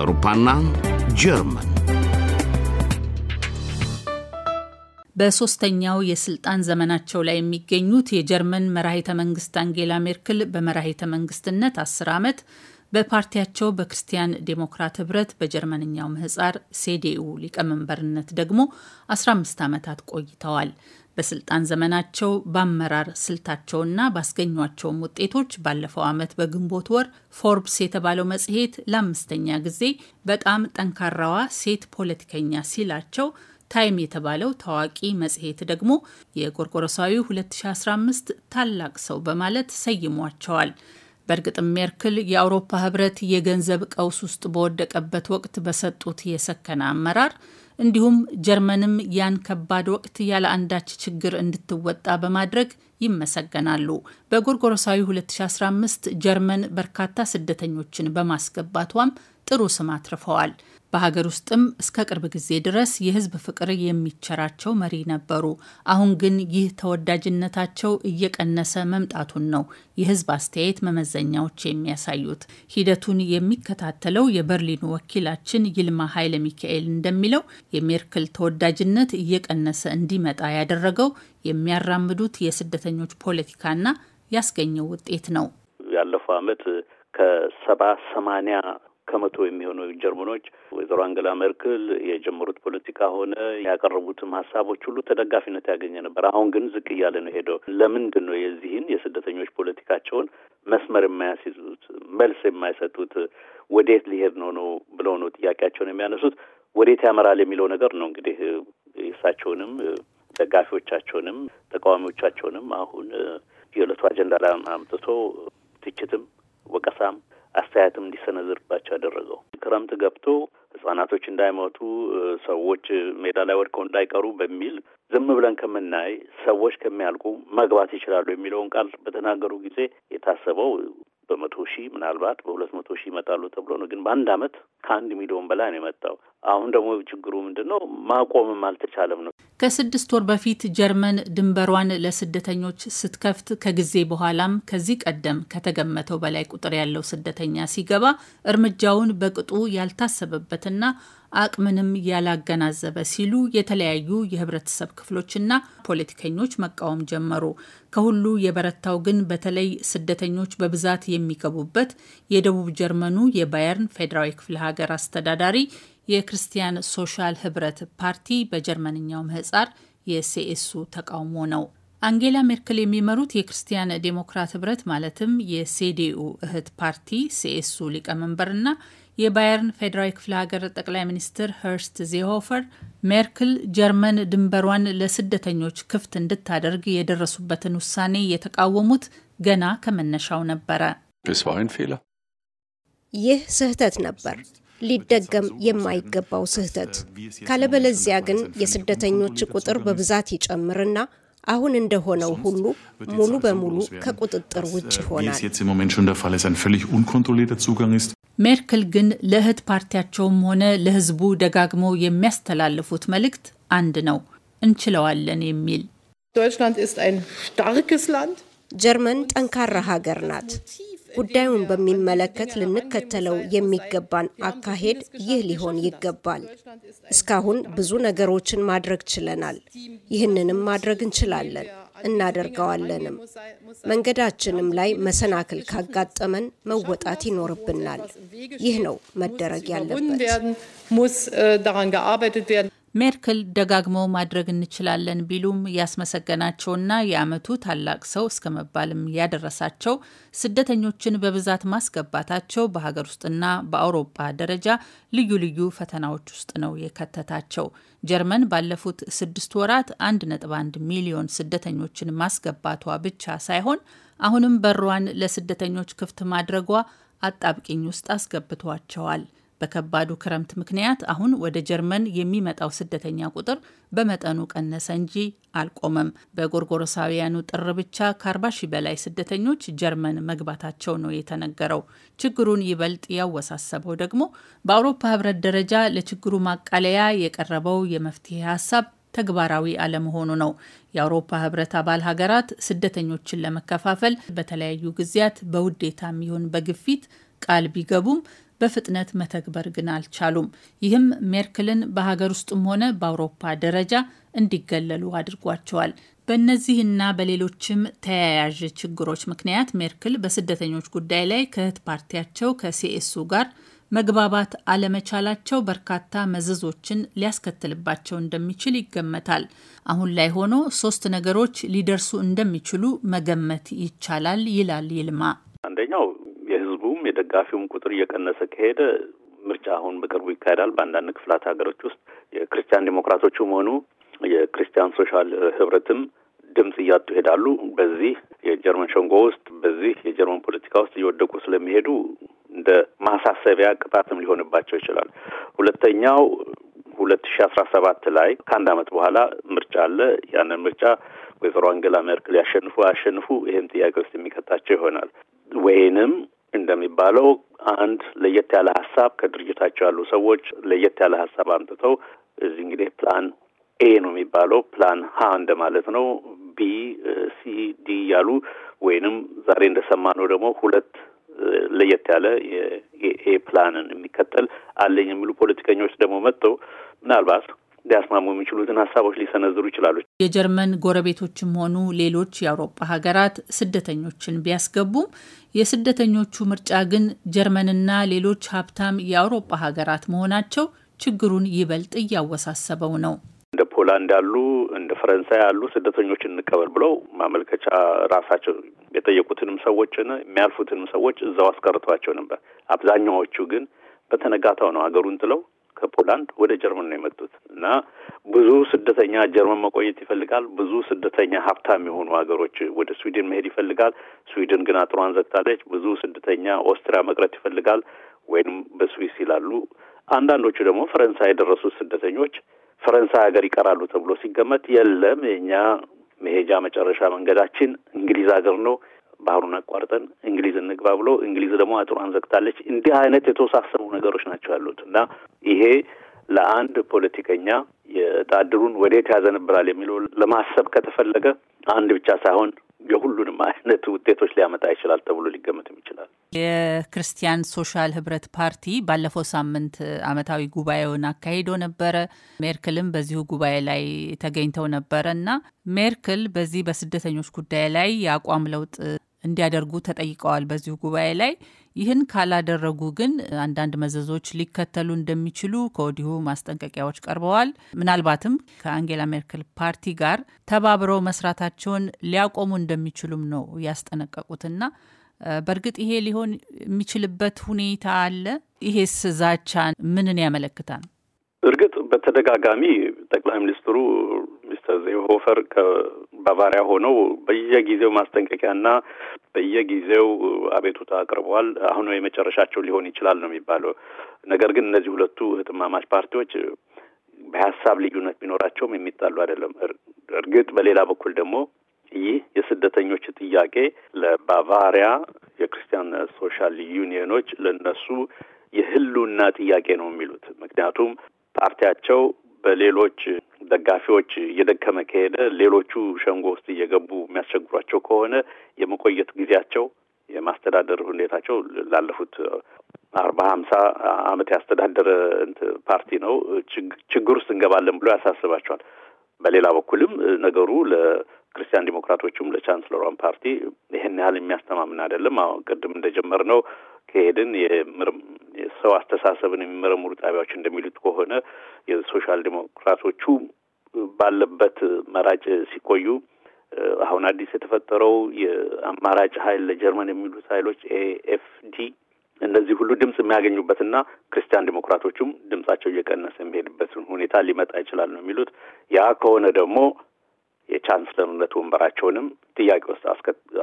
አውሮፓና ጀርመን በሶስተኛው የስልጣን ዘመናቸው ላይ የሚገኙት የጀርመን መራሄተ መንግስት አንጌላ ሜርክል በመራሄተ መንግስትነት አስር ዓመት በፓርቲያቸው በክርስቲያን ዴሞክራት ህብረት በጀርመንኛው ምህጻር ሴዴኡ ሊቀመንበርነት ደግሞ 15 ዓመታት ቆይተዋል። በስልጣን ዘመናቸው በአመራር ስልታቸውና ባስገኟቸውም ውጤቶች ባለፈው ዓመት በግንቦት ወር ፎርብስ የተባለው መጽሔት ለአምስተኛ ጊዜ በጣም ጠንካራዋ ሴት ፖለቲከኛ ሲላቸው ታይም የተባለው ታዋቂ መጽሔት ደግሞ የጎርጎረሳዊ 2015 ታላቅ ሰው በማለት ሰይሟቸዋል። በእርግጥም ሜርክል የአውሮፓ ህብረት የገንዘብ ቀውስ ውስጥ በወደቀበት ወቅት በሰጡት የሰከነ አመራር እንዲሁም ጀርመንም ያን ከባድ ወቅት ያለ አንዳች ችግር እንድትወጣ በማድረግ ይመሰገናሉ። በጎርጎሮሳዊ 2015 ጀርመን በርካታ ስደተኞችን በማስገባቷም ጥሩ ስም አትርፈዋል። በሀገር ውስጥም እስከ ቅርብ ጊዜ ድረስ የህዝብ ፍቅር የሚቸራቸው መሪ ነበሩ። አሁን ግን ይህ ተወዳጅነታቸው እየቀነሰ መምጣቱን ነው የህዝብ አስተያየት መመዘኛዎች የሚያሳዩት። ሂደቱን የሚከታተለው የበርሊኑ ወኪላችን ይልማ ኃይለ ሚካኤል እንደሚለው የሜርክል ተወዳጅነት እየቀነሰ እንዲመጣ ያደረገው የሚያራምዱት የስደተኞች ፖለቲካና ያስገኘው ውጤት ነው። ያለፈው አመት ከሰባ ሰማኒያ ከመቶ የሚሆኑ ጀርመኖች ወይዘሮ አንገላ መርክል የጀመሩት ፖለቲካ ሆነ ያቀረቡትም ሀሳቦች ሁሉ ተደጋፊነት ያገኘ ነበር። አሁን ግን ዝቅ እያለ ነው ሄደው። ለምንድን ነው የዚህን የስደተኞች ፖለቲካቸውን መስመር የማያስይዙት መልስ የማይሰጡት? ወዴት ሊሄድ ነው ነው ብለው ነው ጥያቄያቸውን የሚያነሱት። ወዴት ያመራል የሚለው ነገር ነው እንግዲህ እሳቸውንም ደጋፊዎቻቸውንም ተቃዋሚዎቻቸውንም አሁን የዕለቱ አጀንዳ ላይ አምጥቶ ትችትም ወቀሳም አስተያየትም እንዲሰነዝርባቸው ያደረገው ክረምት ገብቶ ህጻናቶች እንዳይሞቱ ሰዎች ሜዳ ላይ ወድቀው እንዳይቀሩ በሚል ዝም ብለን ከምናይ ሰዎች ከሚያልቁ መግባት ይችላሉ የሚለውን ቃል በተናገሩ ጊዜ የታሰበው በመቶ ሺህ ምናልባት በሁለት መቶ ሺህ ይመጣሉ ተብሎ ነው። ግን በአንድ አመት ከአንድ ሚሊዮን በላይ ነው የመጣው። አሁን ደግሞ ችግሩ ምንድን ነው? ማቆምም አልተቻለም ነው። ከስድስት ወር በፊት ጀርመን ድንበሯን ለስደተኞች ስትከፍት ከጊዜ በኋላም ከዚህ ቀደም ከተገመተው በላይ ቁጥር ያለው ስደተኛ ሲገባ እርምጃውን በቅጡ ያልታሰበበትና አቅምንም ያላገናዘበ ሲሉ የተለያዩ የህብረተሰብ ክፍሎችና ፖለቲከኞች መቃወም ጀመሩ። ከሁሉ የበረታው ግን በተለይ ስደተኞች በብዛት የሚገቡበት የደቡብ ጀርመኑ የባየርን ፌዴራዊ ክፍለ ሀገር አስተዳዳሪ የክርስቲያን ሶሻል ህብረት ፓርቲ በጀርመንኛው ምህጻር የሲኤሱ ተቃውሞ ነው። አንጌላ ሜርክል የሚመሩት የክርስቲያን ዴሞክራት ህብረት ማለትም የሲዲኡ እህት ፓርቲ ሲኤሱ ሊቀመንበርና የባየርን ፌዴራዊ ክፍለ ሀገር ጠቅላይ ሚኒስትር ሄርስት ዜሆፈር ሜርክል ጀርመን ድንበሯን ለስደተኞች ክፍት እንድታደርግ የደረሱበትን ውሳኔ የተቃወሙት ገና ከመነሻው ነበረ። ይህ ስህተት ነበር፣ ሊደገም የማይገባው ስህተት። ካለበለዚያ ግን የስደተኞች ቁጥር በብዛት ይጨምርና አሁን እንደሆነው ሁሉ ሙሉ በሙሉ ከቁጥጥር ውጭ uh, ይሆናል። ሜርክል ግን ለእህት ፓርቲያቸውም ሆነ ለሕዝቡ ደጋግመው የሚያስተላልፉት መልእክት አንድ ነው፣ እንችለዋለን የሚል ጀርመን ጠንካራ ሀገር ናት። ጉዳዩን በሚመለከት ልንከተለው የሚገባን አካሄድ ይህ ሊሆን ይገባል። እስካሁን ብዙ ነገሮችን ማድረግ ችለናል። ይህንንም ማድረግ እንችላለን እናደርገዋለንም። መንገዳችንም ላይ መሰናክል ካጋጠመን መወጣት ይኖርብናል። ይህ ነው መደረግ ያለበት። ሜርክል ደጋግመው ማድረግ እንችላለን ቢሉም ያስመሰገናቸውና የዓመቱ ታላቅ ሰው እስከ መባልም ያደረሳቸው ስደተኞችን በብዛት ማስገባታቸው በሀገር ውስጥና በአውሮፓ ደረጃ ልዩ ልዩ ፈተናዎች ውስጥ ነው የከተታቸው። ጀርመን ባለፉት ስድስት ወራት አንድ ሚሊዮን ስደተኞችን ማስገባቷ ብቻ ሳይሆን አሁንም በሯን ለስደተኞች ክፍት ማድረጓ አጣብቂኝ ውስጥ አስገብቷቸዋል። በከባዱ ክረምት ምክንያት አሁን ወደ ጀርመን የሚመጣው ስደተኛ ቁጥር በመጠኑ ቀነሰ እንጂ አልቆመም። በጎርጎሮሳውያኑ ጥር ብቻ ከ40 ሺ በላይ ስደተኞች ጀርመን መግባታቸው ነው የተነገረው። ችግሩን ይበልጥ ያወሳሰበው ደግሞ በአውሮፓ ሕብረት ደረጃ ለችግሩ ማቃለያ የቀረበው የመፍትሄ ሀሳብ ተግባራዊ አለመሆኑ ነው። የአውሮፓ ህብረት አባል ሀገራት ስደተኞችን ለመከፋፈል በተለያዩ ጊዜያት በውዴታም ይሁን በግፊት ቃል ቢገቡም በፍጥነት መተግበር ግን አልቻሉም። ይህም ሜርክልን በሀገር ውስጥም ሆነ በአውሮፓ ደረጃ እንዲገለሉ አድርጓቸዋል። በእነዚህና በሌሎችም ተያያዥ ችግሮች ምክንያት ሜርክል በስደተኞች ጉዳይ ላይ ከእህት ፓርቲያቸው ከሲኤሱ ጋር መግባባት አለመቻላቸው በርካታ መዘዞችን ሊያስከትልባቸው እንደሚችል ይገመታል። አሁን ላይ ሆኖ ሶስት ነገሮች ሊደርሱ እንደሚችሉ መገመት ይቻላል ይላል ይልማ። አንደኛው የህዝቡም የደጋፊውም ቁጥር እየቀነሰ ከሄደ ምርጫ አሁን በቅርቡ ይካሄዳል። በአንዳንድ ክፍላት ሀገሮች ውስጥ የክርስቲያን ዴሞክራቶቹም ሆኑ የክርስቲያን ሶሻል ህብረትም ድምፅ እያጡ ይሄዳሉ። በዚህ የጀርመን ሸንጎ ውስጥ በዚህ የጀርመን ፖለቲካ ውስጥ እየወደቁ ስለሚሄዱ እንደ ማሳሰቢያ ቅጣትም ሊሆንባቸው ይችላል። ሁለተኛው ሁለት ሺ አስራ ሰባት ላይ ከአንድ አመት በኋላ ምርጫ አለ። ያንን ምርጫ ወይዘሮ አንገላ ሜርክል ያሸንፉ አያሸንፉ ይህም ጥያቄ ውስጥ የሚከታቸው ይሆናል። ወይንም እንደሚባለው አንድ ለየት ያለ ሀሳብ ከድርጅታቸው ያሉ ሰዎች ለየት ያለ ሀሳብ አምጥተው እዚህ እንግዲህ ፕላን ኤ ነው የሚባለው ፕላን ሀ እንደማለት ነው። ቢ ሲ ዲ ያሉ ወይንም ዛሬ እንደሰማነው ደግሞ ሁለት ለየት ያለ የኤ ፕላንን የሚከተል አለኝ የሚሉ ፖለቲከኞች ደግሞ መጥተው ምናልባት ሊያስማሙ የሚችሉትን ሀሳቦች ሊሰነዝሩ ይችላሉ። የጀርመን ጎረቤቶችም ሆኑ ሌሎች የአውሮፓ ሀገራት ስደተኞችን ቢያስገቡም የስደተኞቹ ምርጫ ግን ጀርመንና ሌሎች ሀብታም የአውሮፓ ሀገራት መሆናቸው ችግሩን ይበልጥ እያወሳሰበው ነው። እንደ ፖላንድ ያሉ እንደ ፈረንሳይ ያሉ ስደተኞችን እንቀበል ብለው ማመልከቻ ራሳቸው የጠየቁትንም ሰዎችን የሚያልፉትንም ሰዎች እዛው አስቀርቷቸው ነበር። አብዛኛዎቹ ግን በተነጋታው ነው ሀገሩን ጥለው ከፖላንድ ወደ ጀርመን ነው የመጡት እና ብዙ ስደተኛ ጀርመን መቆየት ይፈልጋል። ብዙ ስደተኛ ሀብታም የሆኑ ሀገሮች ወደ ስዊድን መሄድ ይፈልጋል። ስዊድን ግን አጥሯን ዘግታለች። ብዙ ስደተኛ ኦስትሪያ መቅረት ይፈልጋል ወይም በስዊስ ይላሉ። አንዳንዶቹ ደግሞ ፈረንሳይ የደረሱት ስደተኞች ፈረንሳይ ሀገር ይቀራሉ ተብሎ ሲገመት የለም የእኛ መሄጃ መጨረሻ መንገዳችን እንግሊዝ ሀገር ነው ባህሩን አቋርጠን እንግሊዝ እንግባ ብሎ እንግሊዝ ደግሞ አጥሯን ዘግታለች። እንዲህ አይነት የተወሳሰቡ ነገሮች ናቸው ያሉት እና ይሄ ለአንድ ፖለቲከኛ የጣድሩን ወዴት ያዘንብራል የሚለው ለማሰብ ከተፈለገ አንድ ብቻ ሳይሆን የሁሉንም አይነት ውጤቶች ሊያመጣ ይችላል ተብሎ ሊገመትም ይችላል። የክርስቲያን ሶሻል ህብረት ፓርቲ ባለፈው ሳምንት አመታዊ ጉባኤውን አካሂዶ ነበረ። ሜርክልም በዚሁ ጉባኤ ላይ ተገኝተው ነበረ እና ሜርክል በዚህ በስደተኞች ጉዳይ ላይ የአቋም ለውጥ እንዲያደርጉ ተጠይቀዋል። በዚሁ ጉባኤ ላይ ይህን ካላደረጉ ግን አንዳንድ መዘዞች ሊከተሉ እንደሚችሉ ከወዲሁ ማስጠንቀቂያዎች ቀርበዋል። ምናልባትም ከአንጌላ ሜርክል ፓርቲ ጋር ተባብረው መስራታቸውን ሊያቆሙ እንደሚችሉም ነው ያስጠነቀቁትና በእርግጥ ይሄ ሊሆን የሚችልበት ሁኔታ አለ። ይሄስ ዛቻ ምንን ያመለክታል? እርግጥ በተደጋጋሚ ጠቅላይ ሚኒስትሩ ዜሆፈር ከባቫሪያ ሆነው በየጊዜው ማስጠንቀቂያና በየጊዜው አቤቱታ አቅርበዋል። አሁን የመጨረሻቸው ሊሆን ይችላል ነው የሚባለው። ነገር ግን እነዚህ ሁለቱ ህትማማች ፓርቲዎች በሀሳብ ልዩነት ቢኖራቸውም የሚጣሉ አይደለም። እርግጥ በሌላ በኩል ደግሞ ይህ የስደተኞች ጥያቄ ለባቫሪያ የክርስቲያን ሶሻል ዩኒየኖች ለነሱ የህልውና ጥያቄ ነው የሚሉት ምክንያቱም ፓርቲያቸው በሌሎች ደጋፊዎች እየደከመ ከሄደ ሌሎቹ ሸንጎ ውስጥ እየገቡ የሚያስቸግሯቸው ከሆነ የመቆየት ጊዜያቸው የማስተዳደር ሁኔታቸው ላለፉት አርባ ሀምሳ አመት ያስተዳደረ ፓርቲ ነው ችግር ውስጥ እንገባለን ብሎ ያሳስባቸዋል። በሌላ በኩልም ነገሩ ለክርስቲያን ዲሞክራቶችም ለቻንስለሯን ፓርቲ ይህን ያህል የሚያስተማምን አይደለም። አሁን ቅድም ነው ከሄድን የሰው አስተሳሰብን የሚመረምሩ ጣቢያዎች እንደሚሉት ከሆነ የሶሻል ዲሞክራቶቹ ባለበት መራጭ ሲቆዩ አሁን አዲስ የተፈጠረው የአማራጭ ኃይል ለጀርመን የሚሉት ኃይሎች ኤኤፍዲ እነዚህ ሁሉ ድምፅ የሚያገኙበትና ክርስቲያን ዲሞክራቶቹም ድምጻቸው እየቀነሰ የሚሄድበትን ሁኔታ ሊመጣ ይችላል ነው የሚሉት። ያ ከሆነ ደግሞ የቻንስለርነት ወንበራቸውንም ጥያቄ ውስጥ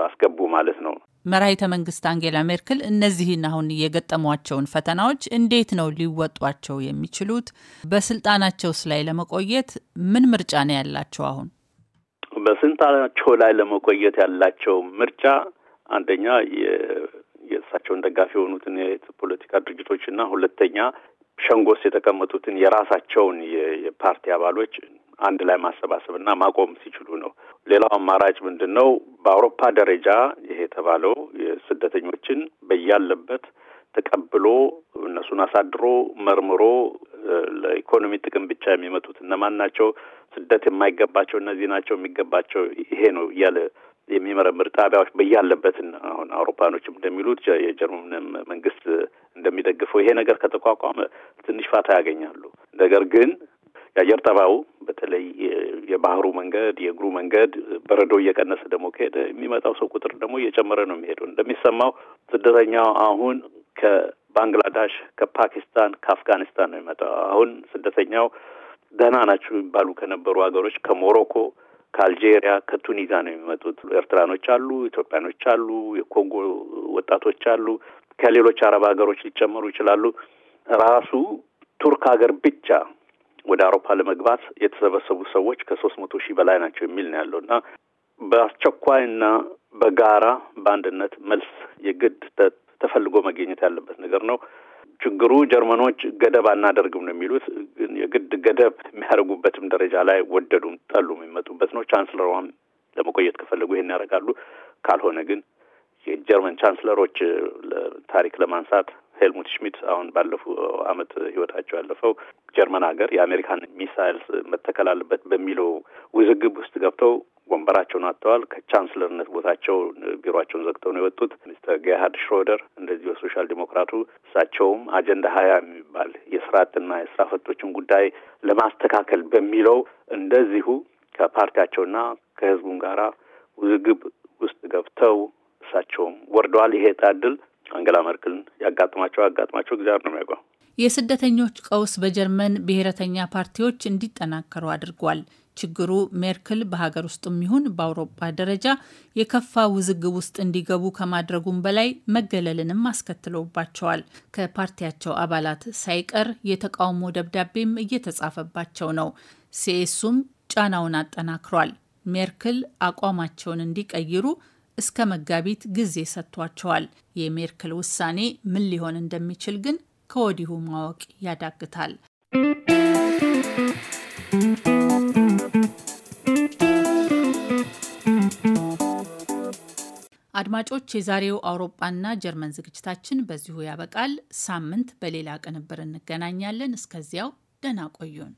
አስገቡ ማለት ነው። መራሂተ መንግስት አንጌላ ሜርክል እነዚህን አሁን የገጠሟቸውን ፈተናዎች እንዴት ነው ሊወጧቸው የሚችሉት? በስልጣናቸውስ ላይ ለመቆየት ምን ምርጫ ነው ያላቸው? አሁን በስልጣናቸው ላይ ለመቆየት ያላቸው ምርጫ አንደኛ የእሳቸውን ደጋፊ የሆኑትን የፖለቲካ ድርጅቶች እና ሁለተኛ ሸንጎስ የተቀመጡትን የራሳቸውን የፓርቲ አባሎች አንድ ላይ ማሰባሰብ እና ማቆም ሲችሉ ነው። ሌላው አማራጭ ምንድን ነው? በአውሮፓ ደረጃ ይሄ የተባለው የስደተኞችን በያለበት ተቀብሎ እነሱን አሳድሮ መርምሮ ለኢኮኖሚ ጥቅም ብቻ የሚመጡት እነማን ናቸው፣ ስደት የማይገባቸው እነዚህ ናቸው፣ የሚገባቸው ይሄ ነው እያለ የሚመረምር ጣቢያዎች በያለበትን አሁን አውሮፓኖችም እንደሚሉት የጀርመን መንግስት እንደሚደግፈው ይሄ ነገር ከተቋቋመ ትንሽ ፋታ ያገኛሉ። ነገር ግን የአየር ጠባው በተለይ የባህሩ መንገድ የእግሩ መንገድ በረዶ እየቀነሰ ደግሞ ከሄደ የሚመጣው ሰው ቁጥር ደግሞ እየጨመረ ነው የሚሄደው። እንደሚሰማው ስደተኛው አሁን ከባንግላዳሽ ከፓኪስታን፣ ከአፍጋኒስታን ነው የሚመጣው። አሁን ስደተኛው ደህና ናቸው የሚባሉ ከነበሩ ሀገሮች ከሞሮኮ፣ ከአልጄሪያ፣ ከቱኒዚያ ነው የሚመጡት። ኤርትራኖች አሉ፣ ኢትዮጵያኖች አሉ፣ የኮንጎ ወጣቶች አሉ፣ ከሌሎች አረብ ሀገሮች ሊጨመሩ ይችላሉ። ራሱ ቱርክ ሀገር ብቻ ወደ አውሮፓ ለመግባት የተሰበሰቡ ሰዎች ከሶስት መቶ ሺህ በላይ ናቸው የሚል ነው ያለው እና በአስቸኳይና በጋራ በአንድነት መልስ የግድ ተፈልጎ መገኘት ያለበት ነገር ነው። ችግሩ ጀርመኖች ገደብ አናደርግም ነው የሚሉት። የግድ ገደብ የሚያደርጉበትም ደረጃ ላይ ወደዱም ጠሉ የሚመጡበት ነው። ቻንስለሯም ለመቆየት ከፈለጉ ይሄን ያደርጋሉ። ካልሆነ ግን የጀርመን ቻንስለሮች ታሪክ ለማንሳት ሄልሙት ሽሚት አሁን ባለፉ አመት ህይወታቸው ያለፈው ጀርመን ሀገር የአሜሪካን ሚሳይል መተከል አለበት በሚለው ውዝግብ ውስጥ ገብተው ወንበራቸውን አጥተዋል። ከቻንስለርነት ቦታቸው ቢሮቸውን ዘግተው ነው የወጡት። ሚስተር ጌርሃርድ ሽሮደር እንደዚህ የሶሻል ዲሞክራቱ እሳቸውም አጀንዳ ሀያ የሚባል የስርዓትና የስራ ፈቶችን ጉዳይ ለማስተካከል በሚለው እንደዚሁ ከፓርቲያቸውና ከህዝቡም ጋራ ውዝግብ ውስጥ ገብተው እሳቸውም ወርደዋል። ይሄ ዕጣ አንገላ መርክልን ያጋጥማቸው አጋጥማቸው እግዚአብሔር ነው የሚያውቀው። የስደተኞች ቀውስ በጀርመን ብሔረተኛ ፓርቲዎች እንዲጠናከሩ አድርጓል። ችግሩ ሜርክል በሀገር ውስጥም ይሁን በአውሮፓ ደረጃ የከፋ ውዝግብ ውስጥ እንዲገቡ ከማድረጉም በላይ መገለልንም አስከትሎባቸዋል። ከፓርቲያቸው አባላት ሳይቀር የተቃውሞ ደብዳቤም እየተጻፈባቸው ነው። ሲኤሱም ጫናውን አጠናክሯል። ሜርክል አቋማቸውን እንዲቀይሩ እስከ መጋቢት ጊዜ ሰጥቷቸዋል። የሜርክል ውሳኔ ምን ሊሆን እንደሚችል ግን ከወዲሁ ማወቅ ያዳግታል። አድማጮች፣ የዛሬው አውሮፓና ጀርመን ዝግጅታችን በዚሁ ያበቃል። ሳምንት በሌላ ቅንብር እንገናኛለን። እስከዚያው ደህና ቆዩን።